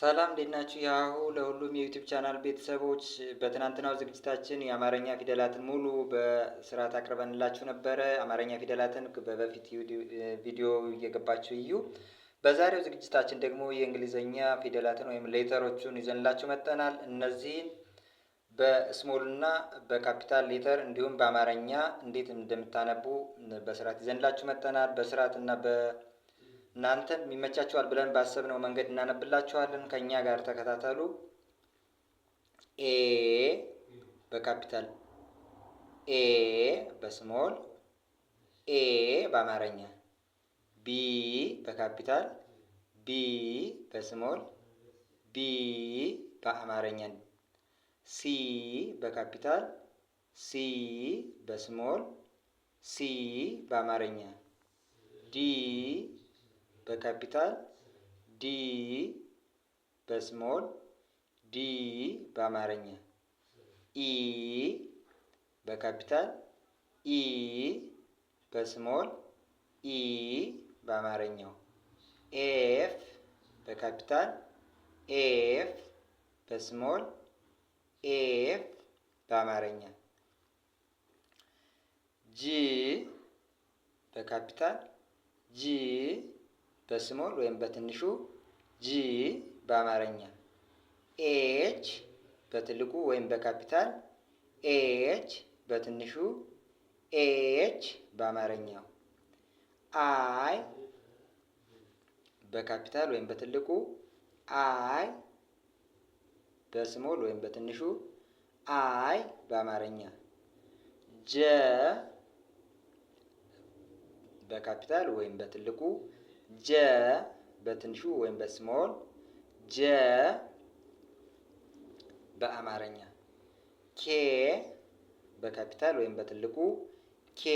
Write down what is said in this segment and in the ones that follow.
ሰላም እንዴት ናችሁ? የሀሁ ለሁሉም የዩቲዩብ ቻናል ቤተሰቦች በትናንትናው ዝግጅታችን የአማርኛ ፊደላትን ሙሉ በስርዓት አቅርበንላችሁ ነበረ። አማርኛ ፊደላትን በበፊት ቪዲዮ እየገባችሁ እዩ። በዛሬው ዝግጅታችን ደግሞ የእንግሊዝኛ ፊደላትን ወይም ሌተሮቹን ይዘንላችሁ መጥተናል። እነዚህን በስሞል እና በካፒታል ሌተር እንዲሁም በአማርኛ እንዴት እንደምታነቡ በስርዓት ይዘንላችሁ መጥተናል። በስርዓት እና በ እናንተም ይመቻችኋል ብለን ባሰብነው መንገድ እናነብላችኋለን። ከእኛ ጋር ተከታተሉ። ኤ በካፒታል ኤ በስሞል ኤ በአማርኛ ቢ በካፒታል ቢ በስሞል ቢ በአማርኛ ሲ በካፒታል ሲ በስሞል ሲ በአማርኛ ዲ በካፒታል ዲ በስሞል ዲ በአማርኛ ኢ በካፒታል ኢ በስሞል ኢ በአማርኛው ኤፍ በካፒታል ኤፍ በስሞል ኤፍ በአማርኛ ጂ በካፒታል ጂ በስሞል ወይም በትንሹ ጂ በአማርኛ ኤች በትልቁ ወይም በካፒታል ኤች በትንሹ ኤች በአማርኛው አይ በካፒታል ወይም በትልቁ አይ በስሞል ወይም በትንሹ አይ በአማርኛ ጀ በካፒታል ወይም በትልቁ ጀ በትንሹ ወይም በስሞል ጀ በአማርኛ ኬ በካፒታል ወይም በትልቁ ኬ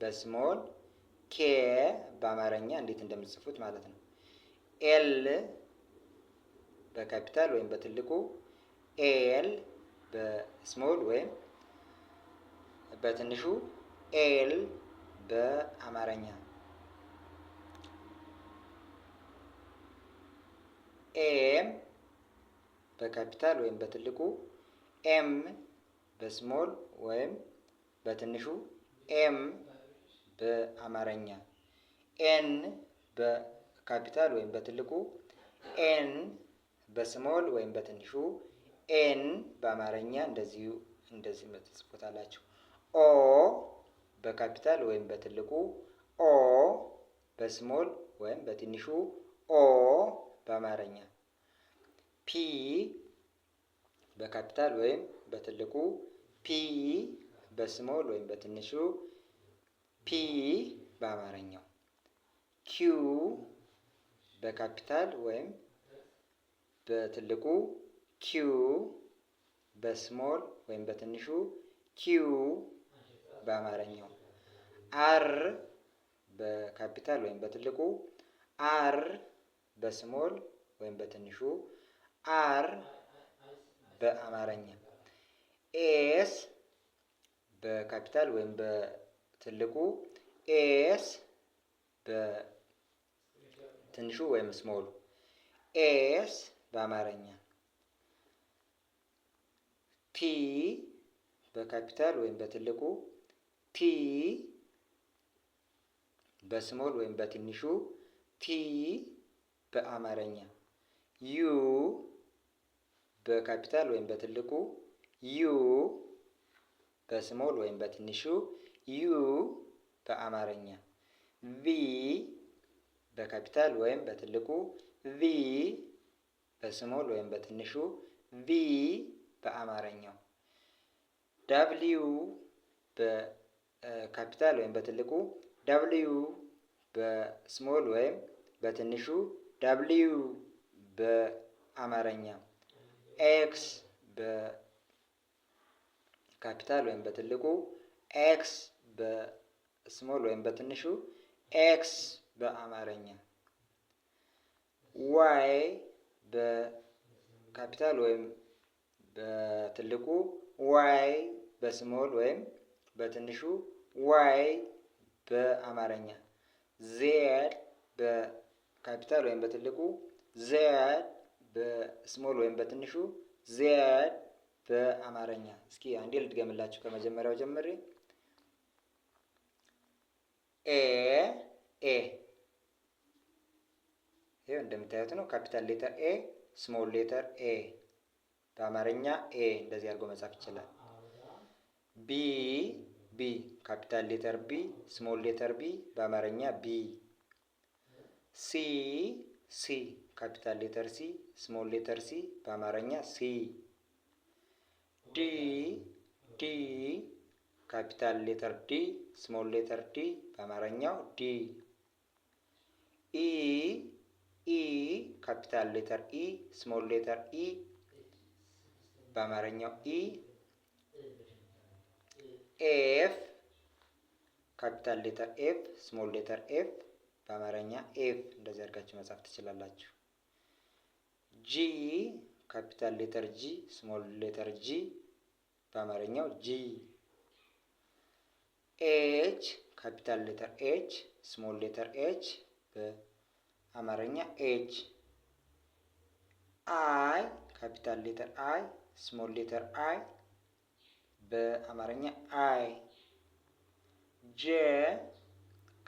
በስሞል ኬ በአማርኛ እንዴት እንደምትጽፉት ማለት ነው። ኤል በካፒታል ወይም በትልቁ ኤል በስሞል ወይም በትንሹ ኤል በአማርኛ ኤም በካፒታል ወይም በትልቁ ኤም በስሞል ወይም በትንሹ ኤም በአማርኛ ኤን በካፒታል ወይም በትልቁ ኤን በስሞል ወይም በትንሹ ኤን በአማርኛ እንደዚሁ እንደዚህ ትጽፉታላችሁ። ኦ በካፒታል ወይም በትልቁ ኦ በስሞል ወይም በትንሹ ኦ በአማርኛ ፒ በካፒታል ወይም በትልቁ ፒ በስሞል ወይም በትንሹ ፒ በአማርኛው ኪው በካፒታል ወይም በትልቁ ኪው በስሞል ወይም በትንሹ ኪው በአማርኛው አር በካፒታል ወይም በትልቁ አር በስሞል ወይም በትንሹ አር በአማርኛ ኤስ በካፒታል ወይም በትልቁ ኤስ በትንሹ ወይም ስሞሉ ኤስ በአማርኛ ፒ በካፒታል ወይም በትልቁ ፒ በስሞል ወይም በትንሹ ፒ በአማርኛ ዩ በካፒታል ወይም በትልቁ ዩ በስሞል ወይም በትንሹ ዩ በአማርኛ ቪ በካፒታል ወይም በትልቁ ቪ በስሞል ወይም በትንሹ ቪ በአማርኛው ዳብሊዩ በካፒታል ወይም በትልቁ ዳብሊዩ በስሞል ወይም በትንሹ ዳብልዩ በአማርኛ ኤክስ በካፒታል ወይም በትልቁ ኤክስ በስሞል ወይም በትንሹ ኤክስ በአማርኛ ዋይ በካፒታል ወይም በትልቁ ዋይ በስሞል ወይም በትንሹ ዋይ በአማርኛ ዜድ በ ካፒታል ወይም በትልቁ ዘያድ በስሞል ወይም በትንሹ ዘያድ በአማርኛ። እስኪ አንዴ ልድገምላችሁ ከመጀመሪያው ጀምሬ ኤ ኤ እንደምታዩት ነው። ካፒታል ሌተር ኤ ስሞል ሌተር ኤ በአማርኛ ኤ እንደዚህ አድርጎ መጻፍ ይችላል። ቢ ቢ ካፒታል ሌተር ቢ ስሞል ሌተር ቢ በአማርኛ ቢ C, C, capital letter C, small letter C, bamarnya C, D, D, capital letter D, small letter D, bamarnya D, E, E, capital letter E, small letter E, bamarnya E, F, capital letter F, small letter F. በአማርኛ ኤፍ እንደዚህ አድርጋችሁ መጻፍ ትችላላችሁ። ጂ ካፒታል ሌተር ጂ፣ ስሞል ሌተር ጂ በአማርኛው ጂ። ኤች ካፒታል ሌተር ኤች፣ ስሞል ሌተር ኤች በአማርኛ ኤች። አይ ካፒታል ሌተር አይ፣ ስሞል ሌተር አይ በአማርኛ አይ። ጄ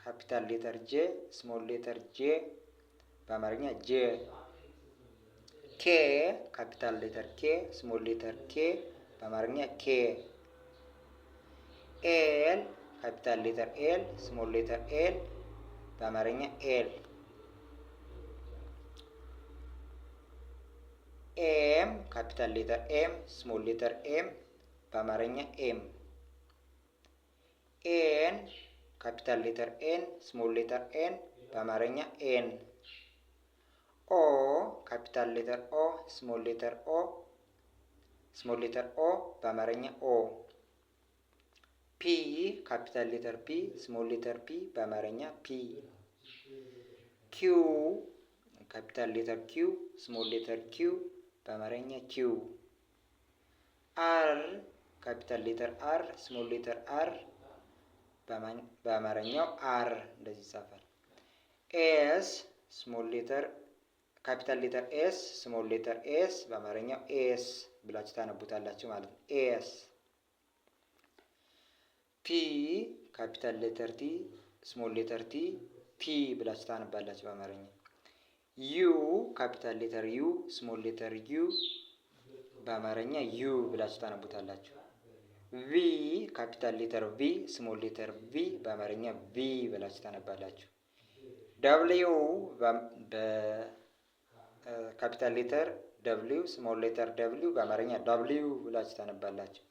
Kapital letter J, small letter J, bamarnya J, K, kapital letter K, small letter K, bamarnya K, L, kapital letter L, small letter L, bamarnya L, M, kapital letter M, small letter M, bamarnya M. N ካፒታል ሌተር ኤን ስሞል ሌተር ኤን በአማርኛ ኤን። ኦ ካፒታል ሌተር ኦ ስሞል ሌተር ኦ ስሞል ሌተር ኦ በአማርኛ ኦ። ፒ ካፒታል ሌተር ፒ ስሞል ሌተር ፒ በአማርኛ ፒ። ኪው ካፒታል ሌተር ኪው ስሞል ሌተር ኪው በአማርኛ ኪው። አር ካፒታል ሌተር አር ስሞል ሌተር አር በአማርኛው አር እንደዚህ ይጻፋል። ኤስ ስሞል ሌተር ካፒታል ሌተር ኤስ ስሞል ሌተር ኤስ በአማርኛው ኤስ ብላችሁ ታነቡታላችሁ ማለት ነው። ኤስ ቲ ካፒታል ሌተር ቲ ስሞል ሌተር ቲ ቲ ብላችሁ ታነባላችሁ በአማርኛ። ዩ ካፒታል ሌተር ዩ ስሞል ሌተር ዩ በአማርኛ ዩ ብላችሁ ታነቡታላችሁ። ቪ ካፒታል ሌተር ቪ ስሞል ሌተር ቪ በአማርኛ ቪ ብላችሁ ታነባላችሁ። ደብሊው በካፒታል ሌተር ደብሊዩ ስሞል ሌተር ደብሊው በአማርኛ ደብሊው ብላችሁ ታነባላችሁ።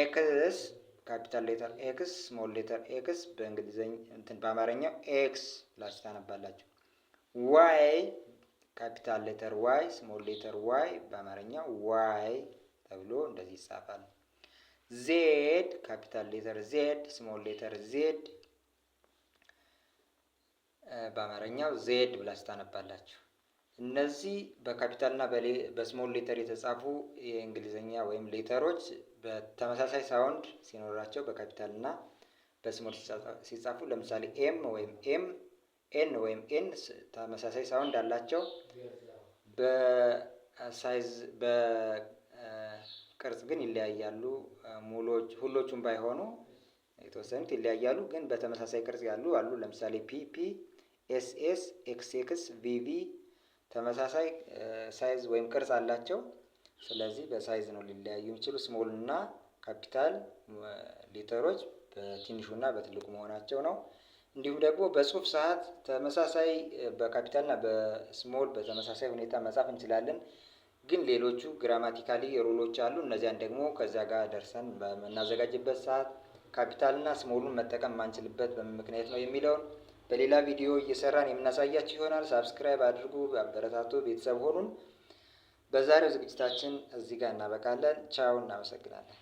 ኤክስ ካፒታል ሌተር ኤክስ ስሞል ሌተር ኤክስ በእንግሊዘኛ እንትን በአማርኛው ኤክስ ብላችሁ ታነባላችሁ። ዋይ ካፒታል ሌተር ዋይ ስሞል ሌተር ዋይ በአማርኛው ዋይ ተብሎ እንደዚህ ይጻፋል። ዜድ ካፒታል ሌተር ዜድ ስሞል ሌተር ዜድ በአማርኛው ዜድ ብላ ስታነባላችሁ። እነዚህ በካፒታልና በስሞል ሌተር የተጻፉ የእንግሊዝኛ ወይም ሌተሮች በተመሳሳይ ሳውንድ ሲኖራቸው በካፒታልና በስሞል ሲጻፉ፣ ለምሳሌ ኤም ወይም ኤም፣ ኤን ወይም ኤን ተመሳሳይ ሳውንድ አላቸው። በሳይዝ በቅርጽ ግን ይለያያሉ። ሙሎች ሁሎቹም ባይሆኑ የተወሰኑት ይለያያሉ፣ ግን በተመሳሳይ ቅርጽ ያሉ አሉ። ለምሳሌ ፒ ፒ፣ ኤስ ኤስ፣ ኤክስ ኤክስ፣ ቪ ቪ ተመሳሳይ ሳይዝ ወይም ቅርጽ አላቸው። ስለዚህ በሳይዝ ነው ሊለያዩ የሚችሉ። ስሞል እና ካፒታል ሌተሮች በትንሹና በትልቁ መሆናቸው ነው። እንዲሁም ደግሞ በጽሁፍ ሰዓት ተመሳሳይ በካፒታልና በስሞል በተመሳሳይ ሁኔታ መጻፍ እንችላለን። ግን ሌሎቹ ግራማቲካሊ ሩሎች አሉ። እነዚያን ደግሞ ከዚያ ጋር ደርሰን በምናዘጋጅበት ሰዓት ካፒታልና ስሞሉን መጠቀም ማንችልበት በምን ምክንያት ነው የሚለውን በሌላ ቪዲዮ እየሰራን የምናሳያችሁ ይሆናል። ሳብስክራይብ አድርጉ፣ አበረታቱ፣ ቤተሰብ ሆኑን። በዛሬው ዝግጅታችን እዚህ ጋር እናበቃለን። ቻው፣ እናመሰግናለን።